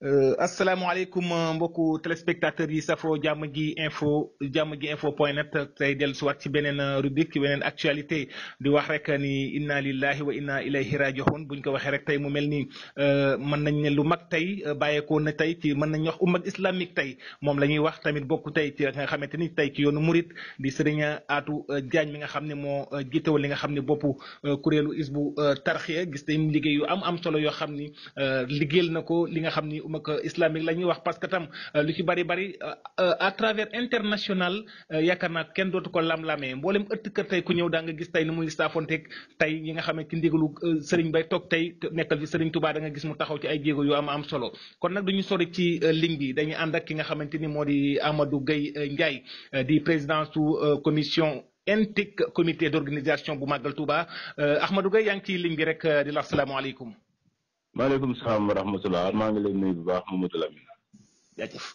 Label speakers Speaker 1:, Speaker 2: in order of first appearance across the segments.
Speaker 1: Euh, asalaamaaleykum euh, mbokku téléspectateurs yi safo jàmm ji info jàmm ji info point net tey dellusiwaat ci beneen euh, rubrique ci beneen actualité di wax rek ni inna lillahi wa inna ilayhi raji'un buñ ko waxee rek tey mu mel ni mën nañ ne lu mag tey bàyyeekoo na tey ci mën nañ wax mag islamique tey moom la ñuy wax tamit bokku tey ci nga xamante ni tey ci yoonu murit di sëriñ atu Diagne mi nga xam ne moo jiitewal li nga xam ne boppu kuréelu isbu tarxiya gis nañ liggéey yu am am solo yoo xam ni liggéeyal na ko li nga xam umma islamique la ñuy wax parce que tam euh, lu ci bari bari euh, euh, à travers international yaakaar naa kenn dootu ko lam-lamee mboolem ëtt kër tey ku ñëw daa nga gis tey ni muy saafonteeg tey ñi nga xam ne ci ndigalu sëriñ bay toog tey nekkal fi sëriñ Touba da nga gis mu taxaw ci ay jéego yu am am solo kon nag duñu sori ci ligne bi dañuy ànd ak ki nga xamante ni moo di Amadou gay Ndiaye di président sous commission ENTIC comité d'organisation bu Magal Touba Ahmadou Gueye yaa ngi ci ligne bi rek di la
Speaker 2: maaleykum salaam wa rahmatulah maa ngi lay nuyu bu baax Mamadou Lamine.
Speaker 1: jaajëf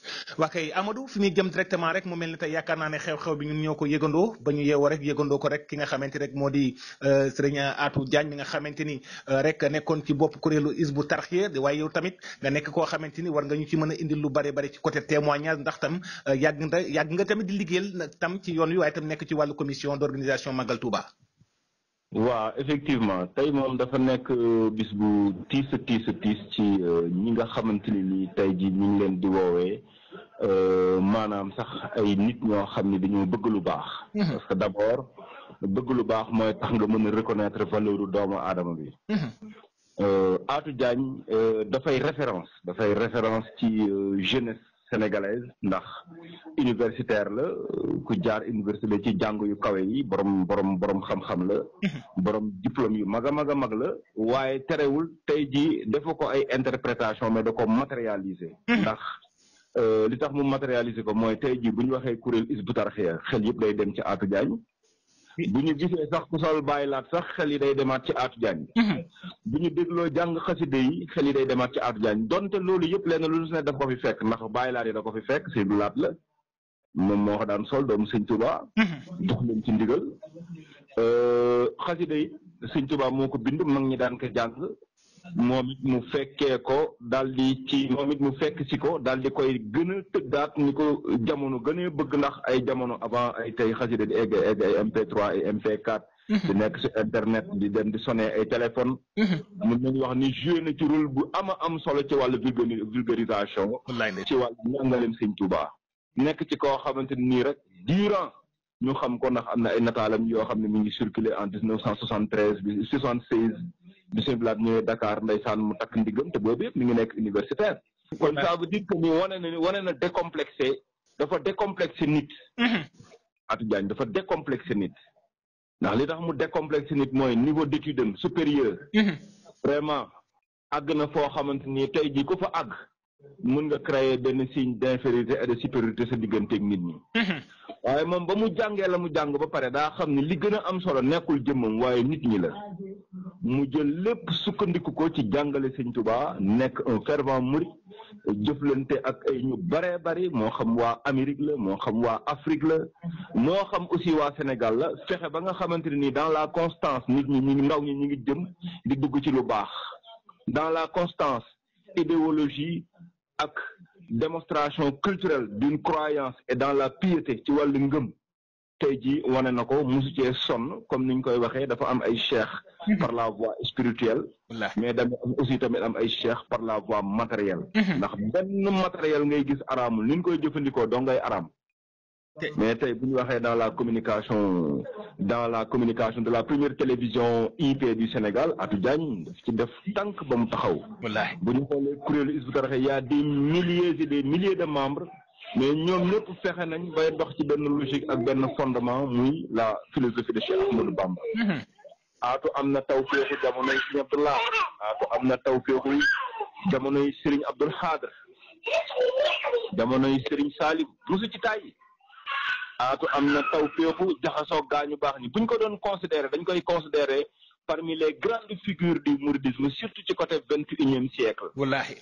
Speaker 1: waa kay Amadou fi muy jëm directement rek mu mel ni tey yaakaar naa ne xew-xew bi ñun ñëw ko yëgandoo ba ñu yeewoo rek yëgandoo ko rek ki nga xamante rek moo di euh, sëriñ atu Diagne mi nga xamante ni euh, rek nekkoon ci bopp kuréelu tarax Tarqiyyah waaye yow tamit nga nekk koo xamante ni war nga ñu ci mën a indil lu bare bare ci côté témoignage ndax tam euh, yàgg nga yàgg nga tamit di liggéeyal tam ci yoon wi waaye nekk ci wàllu commission d'organisation Magal Touba.
Speaker 2: waaw effectivement tey moom dafa nekk euh, bis bu tiis a tiis tiis ci euh, ñi nga xamante ni nii tey ji ñu ngi leen di woowee euh, maanaam sax ay nit ñoo xam ne dañoo bëgg lu baax. Mm-hmm. parce que d'abord bëgg lu baax mooy tax nga mën a reconnaître valeur doomu aadama bi. Mm-hmm. Atou Diagne dafay référence dafay référence ci jeunesse. sénégalaise ndax universitaire la ku jaar université ci jàng yu kawe yi borom borom borom xam-xam la. Mhm. borom diplôme yu mag a mag a mag la. waaye terewul tey jii dafa ko ay interprétation mais da ko matérialiser. Mhm. ndax euh, li tax mu matérialiser ko mooy tey jii bu ñu waxee kuréel Hizbut Tarqiyyah xel yëpp lay dem ci Atou Diagne. bu ñu gisee sax ku sol bàyyi laat sax xel yi day demaat ci Atou Diagne mhm. bu ñu dégloo jàng xasida yi xel yi day demaat ci Atou Diagne donte loolu yëpp lenn lu ne daf ko fi fekk ndax bàyyi laat yi da ko fi fekk si du laat la moom moo ko daan sol doomu sëñ Touba dox mhm. leen ci ndigal euh, xasida yi sëñ Touba moo ko bind mag ñi daan ko jàng moom it mu fekkee ko daal di ci moom it mu fekk ci ko daal di koy gën a tëddaat ni ko jamono gënee bëgg ndax ay jamono avant ay tey xasida di egg egg ay MP3 ay MP4. Mhm. di nekk si internet di dem ay téléphone mhm. mun nañu wax ni joué na ci rôle bu ama am solo ci wàllu vulgarisation. ci wàllu njàngaleem Sëñ Tuubaa. nekk ci koo xamante nii rek durant ñu xam ko ndax am na ay nataalam yoo xam ne mu ngi circulé en dix neuf cent soixante treize soixante seize. bi sëñ Blaat ñëwee Dakar ndeysaan mu takk ndigam te boobu yëpp mi ngi nekk universitaire. kon ça veut dire ni wane na ni wane na décomplexé dafa décomplexé nit. Mhm. Atou Diagne dafa décomplexé nit. ndax li tax mu décomplexé nit mooy niveau d'étude am supérieur. Mhm. vraiment àgg na foo xamante ni tey jii ko fa àgg. mën nga créer benn signe d'infériorité et de supériorité sa digganteeg nit ñi. Mhm. waaye moom ba mu jàngee la mu jàng ba pare daa xam ne li gën a am solo nekkul jëmmam waaye nit ñi la mu jël lépp sukkandiku ko ci jàngale sëñ Tuubaa nekk un fervent mouride jëflante ak ay ñu baree bari moo xam waa Amérique la moo xam waa Afrique la moo xam aussi waa Sénégal la fexe ba nga xamante ne nii dans la constance nit ñi ñu ndaw ñi ñu ngi jëm di dugg ci lu baax dans ak démonstration culturelle d'une croyance et dans la piété ci wàllu ngëm tey jii wane na ko mosu cee sonn comme niñ koy waxee dafa am ay cheikh par la voie spirituelle mais dama aussi am ay cheikh par la voie matérielle mhm. ndax benn matériel ngay gis araamul ni koy jëfandikoo doo ngay mais tey bu ñu waxee dans la communication dans la communication de la première télévision IP du Sénégal Atou Diagne daf ci def tànk ba mu taxaw. wallaahi bu ñu xoolee kuréelu Hizbut Tarqiyyah y' a des milliers et milliers de membres. mais ñoom ñëpp fexe nañ bay ndox ci benn logique ak benn fondement muy la philosophie de Cheikh Ahmadou Bamba. Mm-hmm. Atou am na tawféexu jamonoy Serigne am na tawféexu jamonoy Serigne Abdoul Khadr jamonoy Serigne Salim musu ci taay. aatu am na taw féefu jaxasoo gaañu baax ni buñ ko doon considéré dañ koy considéré parmi les grandes figures du mouridisme surtout ci côté vingt et unième siècle wallaahi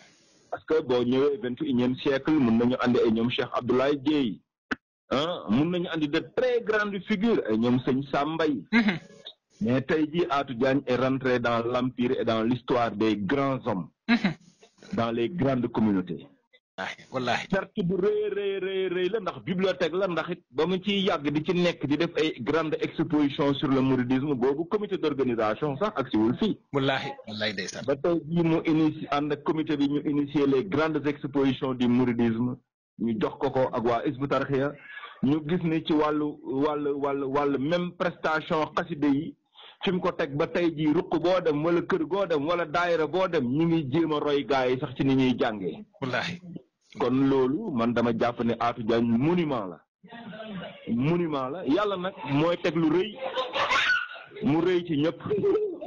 Speaker 2: parce que bo ñëwee vingt et unième siècle mun nañu àndi ay ñoom Cheikh Abdoulaye Dieye ah mun nañu àndi de très grandes figures ay ñoom sëñ Sambay mhm. mais tey jii Atou Diagne est rentré dans l'empire et dans l'histoire des grands hommes mhm. dans les grandes communautés wallahi perte bu rëy rëy rëy la ndax bibliothèque la ndax it ba mu ciy yàgg di ci nekk di def ay grande exposition sur le mouridisme boobu comité d' organisation sax ak siwul fii wallahi wallahi sax ba tey jii mu initie ànd ak comité bi ñu initier les grandes expositions du mouridisme ñu jox ko ko ak waa isbu tarxiya ñu gis ni ci wàllu wàllu wàllu wàllu même prestation xaside yi fi mu ko teg ba tey jii ruq boo dem wala kër goo dem wala daayira boo dem ñu ngi jéem a roy gaa yi sax ci ni ñuy jànge wallaahi kon loolu man dama jàpp ne Atou Diagne monument la. yàlla nag mooy teg lu rëy mu rëy ci ñëpp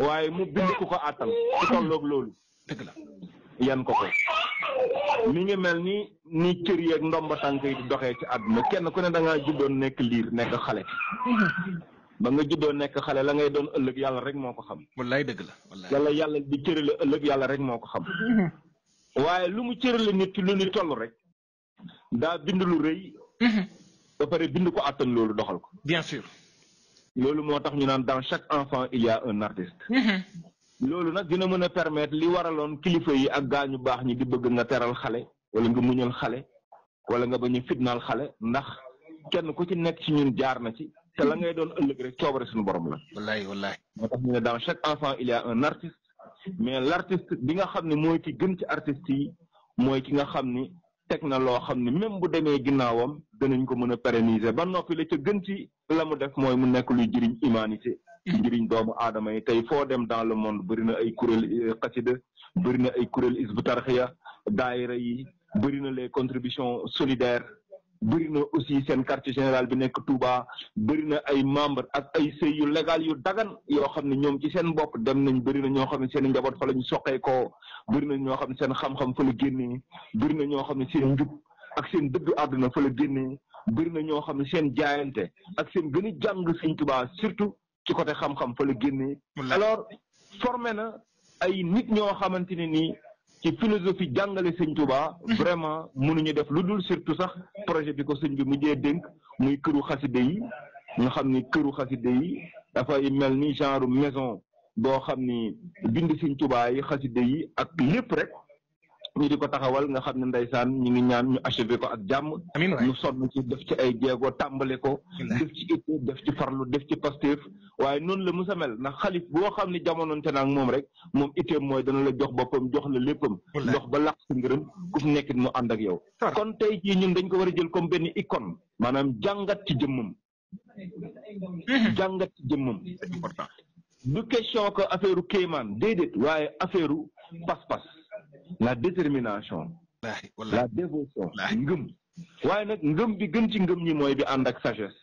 Speaker 2: waaye mu bind ku ko àttan ku tolloog loolu. dëgg la yan ko ko mi ngi mel ni ni cër yeeg ndomba tànk yi di doxee ci àdduna kenn ku ne da ngaa juddoon nekk liir nekk xale. ba nga juddoo nekk xale la ngay doon ëllëg yàlla rek moo ko xam. wallaay dëgg la wallaay yàlla yàlla di cërale ëllëg yàlla rek moo ko xam. waaye lu mu cërale nit lu ni toll rek. daa bind lu rëy. ba pare bind ko àttan loolu doxal ko. bien sûr. loolu moo tax ñu naan dans chaque enfant il y a un artiste. loolu nag dina mën a permettre li waraloon kilifa yi ak gaañu baax ñi di bëgg nga teral xale wala nga muñal xale wala nga ba a fitnaal xale ndax kenn ku ci nekk ci ñun jaar na ci. te la ngay doon ëllëg rek coobare suñu borom la.
Speaker 1: wallaay wallaay.
Speaker 2: moo tax mu ne dans chaque enfant il y a un artiste mais l' bi nga xam ne mooy ki gën ci artiste yi mooy ki nga xam ni teg na loo xam ne même bu demee ginnaawam danañ ko mën a pérenniser ba noppi la ca gën ci la mu def mooy mu nekk luy jëriñ humanité. njëriñ doomu aadama yi tey foo dem dans le monde bëri na ay kuréel euh, xasida bëri na ay kuréel isbu ya daayira yi bëri na les contributions solidaires. bëri na aussi seen quartier général bi nekk Touba bëri na ay membre ak ay sëy yu légal yu dagan yoo xam ne ñoom ci seen mbokk dem nañ bëri na ñoo xam ne seen njaboot fa la ñu soqee ko bëri na ñoo xam ne seen xam-xam fa la génnee bëri na ñoo xam ne seen njub ak seen dëgg àdduna fa la génnee bëri na ñoo xam ne seen jaayante ak seen gën a jàng Sëñ Touba surtout ci côté xam-xam fa la génnee alors formé na ay nit ñoo xamante ne nii ci philosophie jàngale sëñ Touba. Mhm. vraiment mënuñu def lu dul surtout sax projet bi ko sëñ bi mujjee dénk muy këru xaside yi nga xam ni këru xaside yi i mel ni genre maison boo xam ni bind sëñ Touba yi xaside yi ak lépp rek. ñu di ko taxawal nga xam ne ndeysaan ñu ngi ñaan ñu achevé ko ak jàmm ñu sonn ci def ci ay jéego tàmbale ko def ci itte def ci farlu def ci pastéef waaye noonu la musa mel ndax xalif boo xam ne jamonoonte naag moom rek moom itteem mooy dana la jox boppam jox la léppam jox ba làq sa ngërëm ku fi nekkit mu ànd ak yow kon tey jii ñun dañ ko war a jël comme benn icône maanaam jàngat ci jëmmam mhm. jàngat ci jëmmam du question ko affaire u kéemaan déedéet waaye affaire u pas la détermination. la dévotion ngëm. waaye nag ngëm bi gën ci ngëm ñi mooy bi ànd ak sagesse.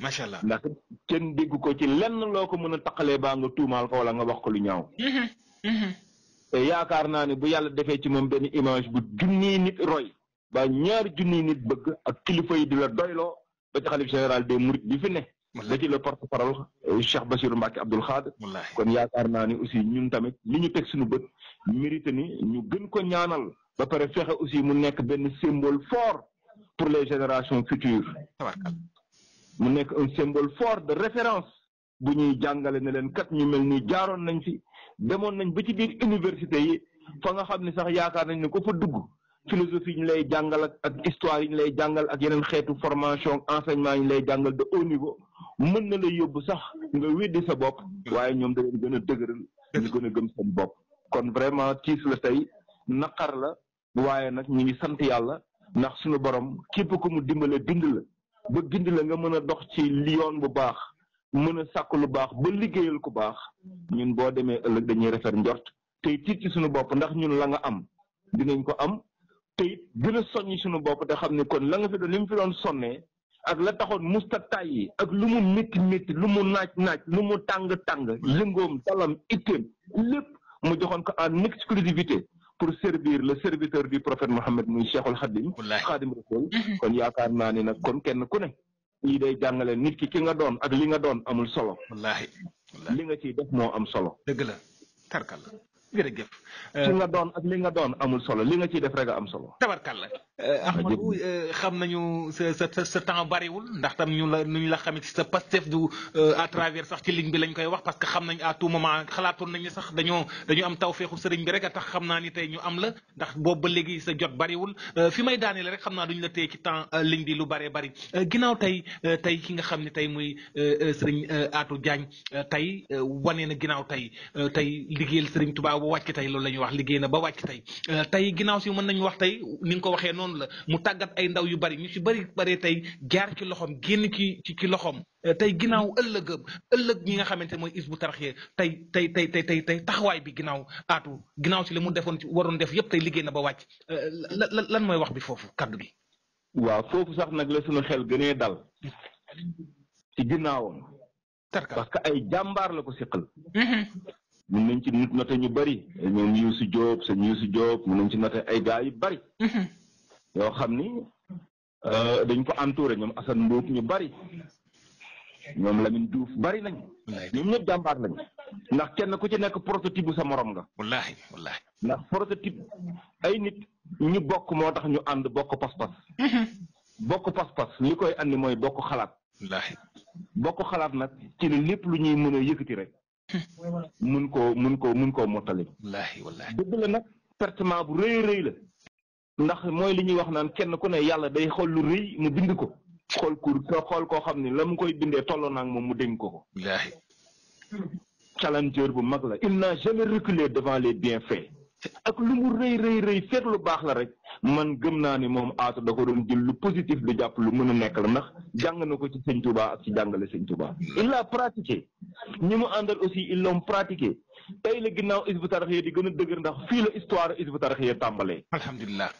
Speaker 2: macha allah ndax kenn dégg ko ci lenn loo ko mën a taqalee baa nga tuumaal ko wala nga wax ko lu ñaaw. Mm-hmm, mm-hmm. te yaakaar naa ne bu yàlla defee ci moom benn image bu junniy nit roy. ba ñaari junniy nit bëgg ak kilifa di la doyloo ba ci xalif général des mourides bi fi ne. ba ci le porte parole euh, Cheikh Bassirou Mbacke Abdoul Khadr kon yaakaar naa ni aussi ñun tamit li ñu teg suñu bët mérite ni ñu gën ko ñaanal ba pare fexe aussi mu nekk benn symbole fort pour les générations futures mu nekk un symbole fort de référence bu ñuy jàngale ne leen kat ñu mel ni jaaroon nañ fi demoon nañ ba ci biir université yi fa nga xam ne sax yaakaar nañ ne ko fa dugg philosophie yi ñu lay jàngal ak ak histoire yi ñu lay jàngal ak yeneen xeetu formation enseignement ñu lay jàngal de haut niveau mën na la yóbbu sax nga weddi sa bopp waaye ñoom da leen gën a dëgëral ñu gën a gëm seen bopp kon vraiment tiis la tey naqar la waaye nag ñu ngi sant yàlla ndax sunu borom képp ku mu dimbalee bind la ba bind la nga mën a dox ci yoon bu baax mën a sàkk lu baax ba liggéeyal ku baax ñun boo demee ëllëg dañuy refer njort tey tiit ci suñu bopp ndax ñun la nga am dinañ ko am te it gën a soññ suñu bopp te xam ne kon la nga fi doon li mu fi doon sonnee ak la taxoon musta tàyyi ak lu mu métti métti lu mu naaj naaj lu mu tàng tàng lingoom dalam itteem lépp mu joxoon ko en exclusivité pour servir le serviteur du prophète Mohammed muy Cheikhul Khadim Khadim Rasul mhm. kon yaakaar naa ni nag kon kenn ku ne lii day jàngale nit ki ki nga doon ak li nga doon amul solo wallaahi li nga ciy def moo am solo dëgg
Speaker 1: la tarkal jërëjëf. ci euh, nga doon ak li nga doon amul solo li nga ciy def rek a am solo. tabarkalla. Euh, ah, Ahmadou euh, xam nañu sa sa sa temps bariwul ndax tam ñu la ñu la xamit ci sa pastef à travers sax ci ligne bi lañ koy wax parce que xam nañ tout moment xalaatoon nañ sax dañoo dañoo am tawféexu sëriñ bi rek a tax xam naa ni tey ñu am la ndax boobu ba léegi sa jot bariwul fi may daaneel rek xam naa duñ la téye ci temps ligne bi lu baree bari ginnaaw tey tey ki nga xam ne tey muy sëriñ aatu Diagne tey wane na ginnaaw tey tey sëriñ Tuubaa ba wàcc tey loolu la ñuy wax liggéey na ba wàcc tey euh, tey ginnaaw si mën nañu wax tey ni nga ko waxee noonu la mu tàggat ay ndaw yu bari ñu si bari bari tey jaar ci loxoom génn ci ci ci loxoom euh, tey ginnaaw ëllëgëm ëllëg ñi nga xamante mooy bu taraxee tey tey tey tey tey tey taxawaay bi ginnaaw aatu ginnaaw si la mu defoon ci waroon def yëpp tey liggéey na ba wàcc euh, lan lan mooy wax bi foofu kaddu gi
Speaker 2: waaw foofu sax nag la suñu xel gënee dal ci ginnaawam parce que ay jàmbaar la ko siqal mm-hmm. mun nañ ci note ñu bëri ñoom Youssou Diop sa Youssou Diop mun nañ ci note ay gars yu bëri. Mm-hmm. yoo xam ni euh, dañ ko entouré ñoom Assane Mboup ñu bari ñoom Lamine Diouf bari nañ. ñoom ñëpp jàmbaar lañ. ndax kenn ku ci nekk prototype bu sa moroom nga. wallaahi wallaahi. ndax prototype ay nit ñu bokk moo tax ñu ànd bokk pas-pas. Mm-hmm. bokk pas-pas li koy andi mooy bokk xalaat. wallaahi bokk xalaat nag ci ne lépp lu ñuy mën a yëkkati rek. mun koo mun koo mun koo mottali. wallaahi wallaahi dëgg la nag pertement bu rëy rëy la. ndax mooy li ñuy wax naan kenn ku ne yàlla day xool lu rëy mu bind ko. xool kur xool koo xam ne la mu koy bindee tolloo nag moom mu dénk ko ko. wallaahi. challenger bu mag la il n'a jamais reculé devant les bienfaits. ak lu mu rëy rëy rëy feet lu baax la rek man gëm naa ni moom aatu da ko doon jël lu positif lu jàpp lu mën a nekk la ndax jàng na ko ci sëñ Touba ak ci jàngale sëñ Touba. il l'a pratiqué ñi mu àndal aussi ils l'ont pratiqué tey la ginnaaw Hizbut Tarqiyyah di gën a dëgër ndax fii la histoire Hizbut Tarqiyyah tàmbalee. alhamdulilah.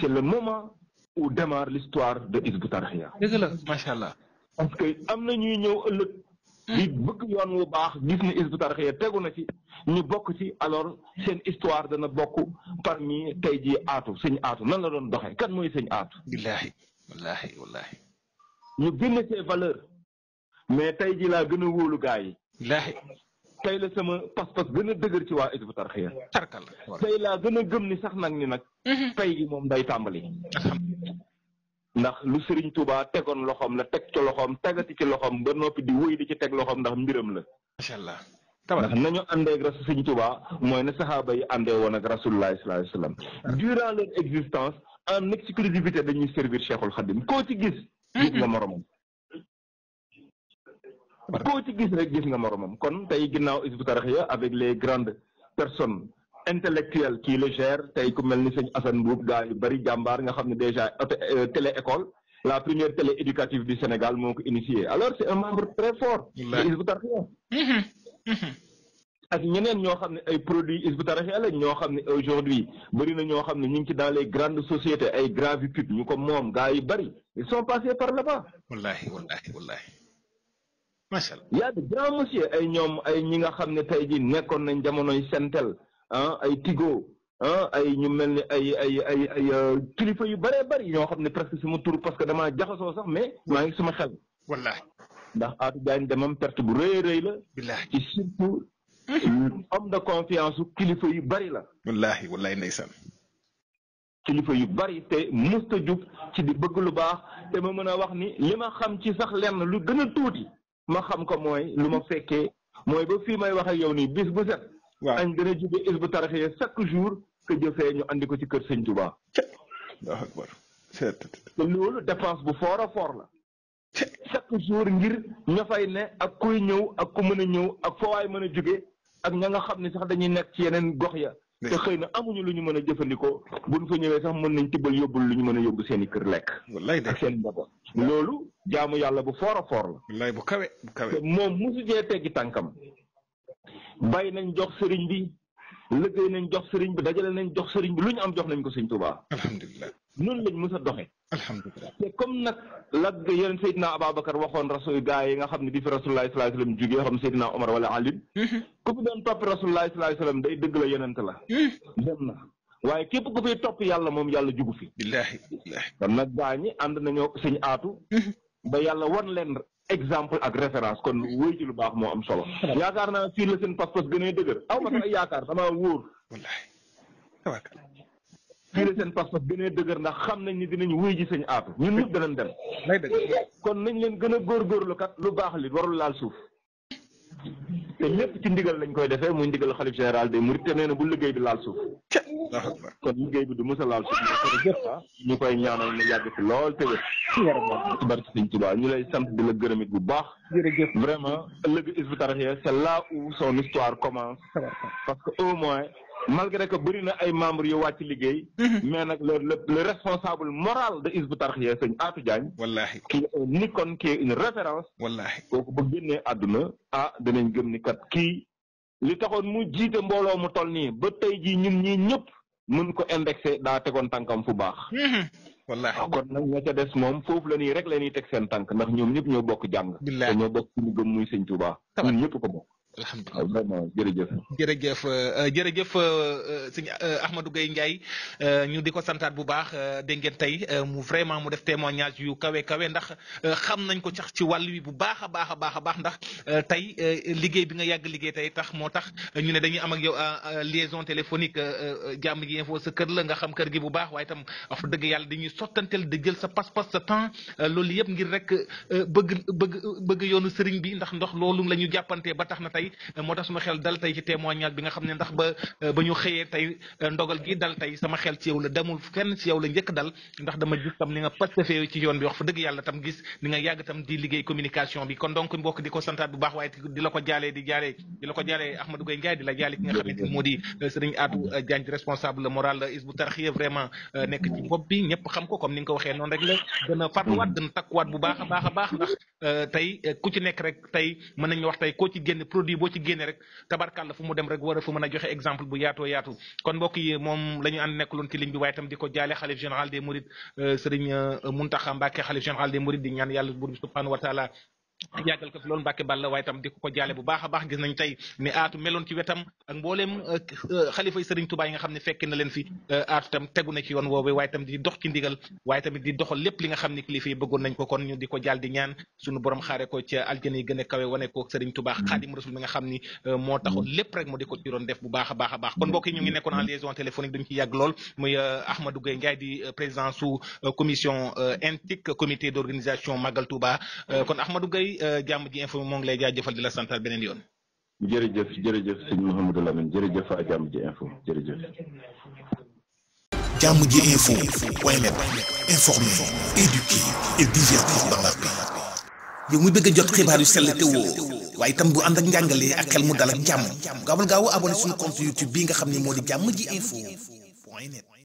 Speaker 2: c'est le moment où démarre l'histoire de Hizbut Tarqiyyah. dëgg la macha parce que am na ñuy ñëw ëllëg. di bëgg yoon wu baax gis ni Hizbut Tarqiyyah tegu na ci ñu bokk ci alors seen histoire dana bokk parmi tey jii aatu sëñ aatu nan la doon doxee kan mooy sëñ aatu. billaahi
Speaker 1: wallaahi wallaahi.
Speaker 2: ñu génne see valeur. mais tey jii laa gën a wóolu gaa yi. billaahi. tey la sama pas-pas gën a dëgër ci waa Hizbut Tarqiyyah. tarkal laa gën a gëm ni sax nag ni nag. Mhm. tey gi moom day tàmbali. ndax lu Serigne Touba tegoon loxoom la teg ci loxoom tagati ci loxoom ba noppi di wéy di ci teg loxoom ndax mbiram la. macha allah ndax nañu àndee ak rasul Serigne Touba mooy ne saxaaba yi àndee woon ak rasulullah sallallahu alayhi wasallam durant leur existence en exclusivité dañuy servir Cheikhul Khadim koo ci gis. gis nga moromam. koo ci gis rek gis nga moromam kon tey ginnaaw Hizbut Tarqiyyah avec les grandes personnes. intellectuel qui le gère tey ku mel ni sëñ Assane Mbuub gaa yu bari jàmbaar nga xam ne déjà euh, télé école la première télé éducative du Sénégal moo ko initié alors c'est un membre très fort de mm-hmm. Hizbut Tarqiyyah mm-hmm. Mm-hmm. ak ñeneen ñoo xam ne ay produits Hizbut ñoo xam ne aujourd'hui bëri na ñoo xam ne ñu ngi ci dans les grandes sociétés ay gravi pub moom gaa yu bari ils sont passés par là-bas wallahi a de grands ñoom ay ñi nga xam ne tey ji nekkoon nañ jamonoy sentel ah ay Tigo ah, ay ñu mel ni ay ay ay ay euh, kilifa yu bëree bari ñoo xam ne presque sama tur parce que damaa jaxasoo sax mais maa ngi sama xel. wallaahi ndax Atou Diagne demam perte bu rëy rëy la. billaahi ci surtout. homme de confiance kilifa yu bëri la. wallaahi wallaahi ndeysaan. kilifa yu bari te musta ci di bëgg lu baax te ma mën a wax ni li ma xam ci sax na lu gën a tuuti ma xam ko mooy lu ma fekkee mooy ba fii may wax yow nii bis bu set waaw añ gën a jóge isbu tarxiyya chaque jour que jëfee ñu andi ko ci kër sëñ Touba. waaw akbar te loolu dépense bu fort a fort la. chaque jour ngir ña fay ne ak kuy ñëw ak ku mën a ñëw ak fa mën a jóge ak ña nga xam ne sax dañuy nekk ci yeneen gox ya. te xëy na amuñu lu ñu mën a jëfandikoo buñ fa ñëwee sax mën nañ tibbal yóbbul lu ñu mën a yóbbu seen i kër lekk. wallaay de seen njaboot. loolu jaamu yàlla bu fort a la. wallaay bu kawe bu kawe. moom mosu jee teggi tànkam. bay nañ jox sëriñ bi liggéey nañ jox sëriñ bi dajale nañ jox sëriñ bi lu ñu am jox nañ ko sëriñ Tuubaa. alhamdulilah noonu lañ mës a doxe alhamdulilah te comme nag la yeneen Seydina Ababacar waxoon rasul gaa yi nga xam ne bi fi Rasulullah sallallahu alayhi wasallam jóge yoo xam ne Seydina Omar wala Ali. Mm-hmm. ku fi doon topp Rasulullah sallallahu alayhi wasallam day dëgg la yeneen la. Mm-hmm. dem na waaye képp ku fiy topp yàlla moom yàlla jugu fi. billaahi billaahi kon nag gaa ñi ànd nañoo sëñ aatu. Mm-hmm. exemple ak référence kon wéy ci lu baax moo am solo. yaakaar naa fii la seen pas-pas gënee dëgër. aw ma ay yaakaar damaa wóor. wallaahi tawakkal. fii la seen pas-pas gënee dëgër ndax xam nañ ni dinañ wéy ji sëñ aatu ñun ñëpp danañ dem. lay kon nañ leen gën a góorgóorlu kat lu baax li warul laal suuf. te lépp ci ndigal lañ koy defee muy ndigal xalif général des mourides te nee bu liggéey bi laal suuf. kon liggéey bi du mos a laal suñu ah. ñu koy ñaanal mu yàgg fi lool te wér. ci barke Sëñ Tuubaa ñu lay sant di la gërëmit bu baax. jërëjëf vraiment ëllëg Hizbut Tarqiyyah c'est là où son histoire commence. parce que au moins malgré que bëri na ay membres yu wàcc liggéey. Mm-hmm. mais nag le le le responsable moral de Hizbut Tarqiyyah sëñ Atou Diagne. wallaahi kii une icône kii une référence. wallaahi kooku ba génnee àdduna. ah danañ gëm ni kat kii. li taxoon mu jiite mbooloo mu to nii ba tey jii ñun mën ko indexé daa tegoon tànkam fu baax. Mhm. wallaahi ah, kon nag ña ca des moom foofu le nii rek la ñuy teg seen tànk ndax ñoom ñëpp ñoo bokk jàng. te ñoo bokk suñu gëm muy sëñ Tuubaa. ñun ñëpp ko bokk. alhamdulilah ah, vraiment jërëjëf.
Speaker 1: jërëjëf euh, jërëjëf euh, euh, sëñ Ahmadou gay Ndiaye ñu di ko santaat bu baax dégg ngeen tey mu vraiment mu def témoignage yu kawe kawe ndax xam nañ ko sax ci wàll wi bu baax a baax a baax a baax ndax tey liggéey bi nga yàgg liggéey tey tax moo tax ñu ne dañuy am ak yow liaison téléphonique jàmm ji info sa kër la nga xam kër gi bu baax waaye itam wax dëgg yàlla dañuy sottanteel di jël sa pas-pas sa temps loolu yëpp ngir rek bëgg bëgg bëgg yoonu sëriñ bi ndax ndox loolu la ñu tey moo tax suma xel dal tey ci témoignage bi nga xam ne ndax ba euh, ba ñu xëyee tey euh, ndogal gi dal tey sama xel ci yow la demul fenn ci yow la njëkk dal ndax dama gis tam ni nga pastefee ci yoon bi wax fa dëgg yàlla tam gis ni nga yàgg tam di liggéey communication bi kon donc mbokk di ko santaat bu baax waaye di la ko jaalee di jaalee di la ko jaalee Ahmadou Gueye Ndiaye di la jaale ki nga xamante ni moo di euh, Serigne nga ko waxee noonu rek la gën a a a a produit boo ci génne rek tabar tabarkàlla fu mu dem rek war a fu mën a joxe exemple bu yaato yaatu kon mbokk yi moom la ñu ànd nekkuloon ci ligne bi waaye tam di ko jaale xalif général des mourides euh, Serigne euh, Mountakha Mbacké xalif général des mourides di ñaan yàlla buur bi subhanahu wa taala yàggal ko fi loolu Mbàkke Balla waaye tam jaale bu baax a gis nañ tey ni aatu meloon ci wetam ak mbooleem euh, euh, xalifay Sëriñ Tuubaa nga xam ne fekk na leen fi euh, aatu tam tegu na ci yoon woowu waaye tam di dox ci ndigal waaye di doxal lépp li nga xam ni kilifa yi bëggoon nañ ko kon ñu di ko jaal di ñaan suñu borom xaare ko ci aljana a kawe wane ko Sëriñ Tuubaa Xaadimu Rasuul mi nga xam ni moo taxoon mm-hmm. lépp rek mu di ko ci def bu baax a a baax kon mbokk yi ñu ngi nekkoon en mm-hmm. liaison téléphonique duñ ci yàgg lool muy Ahmadou Gueye Ndiaye di président sous commission intique Ndoye jàmm ji info moo ngi lay jaajëfal di la santal beneen yoon. jërëjëf
Speaker 2: jërëjëf sëñ Mouhamadou Lamine a jàmm ji info jërëjëf.
Speaker 1: jàmm ji info point net informer, éduquer et dans la paix. yow mi bëgg a jot xibaar yu sell te woo waaye itam bu ànd ak njàngalee ak xel mu dal ak jàmm gaawal gaaw abonné suñu compte YouTube bii nga xam ne moo di jàmm ji info